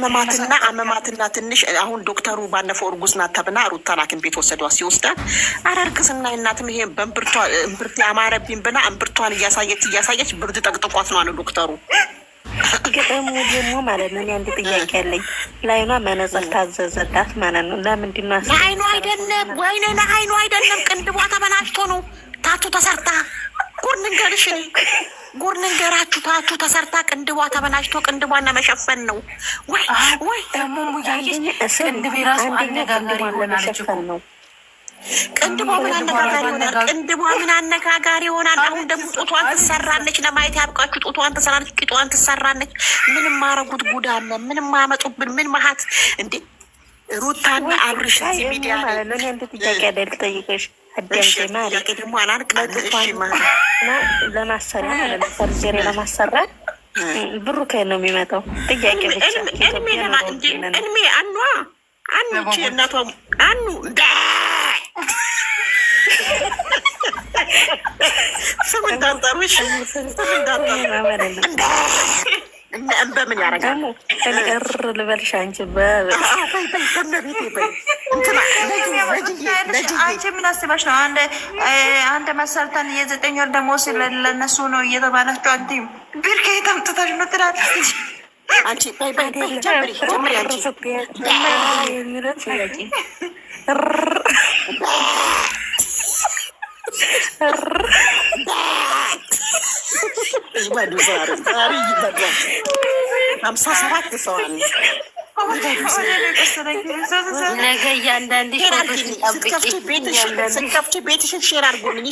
አመማትና አመማትና ትንሽ አሁን ዶክተሩ ባለፈው እርጉዝ ናት ተብና ሩታን ሐኪም ቤት ወሰዷ ሲወስዳት ኧረ እርግዝና እናትም ይሄ በእምብርት አማረብኝ ብና እምብርቷን እያሳየች እያሳየች ብርድ ጠቅጥቋት ነው አለ ዶክተሩ። ገጠሙ ደግሞ ማለት ነው። አንድ ጥያቄ ያለኝ ለአይኗ መነጽር ታዘዘላት ማለት ነው። ለምንድን ነው ለአይኗ አይደለም? ወይኔ ለአይኗ አይደለም፣ ቅንድቧ ተበላሽቶ ነው ታቶ ተሰርታ ጉድ ልንገርሽ፣ እኔ ጉድ ልንገራችሁ። ታችሁ ተሰርታ ቅንድቧ ተበላሽቶ ቅንድቧና ለመሸፈን ነው ወይ ወይ ደግሞ ሙያየኝ ቅንድቤ ራሱ አነጋጋሪ ሆናለች ነው ቅንድቧ ምን አነጋጋሪ ይሆናል? ቅንድቧ ምን አነጋጋሪ ይሆናል? አሁን ደግሞ ጡቷን ትሰራለች። ለማየት ያብቃችሁ። ጡቷን ትሰራለች፣ ቂጧን ትሰራለች። ምንም ማረጉት ጉዳለ ምንም ማመጡብን ምን መሀት እንዴ ሩታና አብርሽ እዚህ ሚዲያ ማለት ነው። አንድ ጥያቄ አይደል ደግሞ ለማሰሪያ ማለት ነው፣ ለማሰራት ብሩ ከየት ነው የሚመጣው? ጥያቄ እድሜ አኗ አኑ እናቷ አኑ ስም እንዳጠሩሽ ስም እንዳጠሩ በምን ያደርጋል? እር ልበልሽ አንቺ አንቺ ምን አስበሽ ነው? አንድ መሰርተን የዘጠኝ ወር ደግሞ ለነሱ ነው እየተባላቸው አንቺ ብር ከየት አምጥተሽ ነው ትላለች። አንቺ ጀምሪ ጀምሪ ይበዱ ዛሬ ዛሬ ይበዷል። ሀምሳ ሰባት ሰው አለ። ነገ እያንዳንድ ስትከፍቺ ቤትሽን ሼር አድርጎልኝ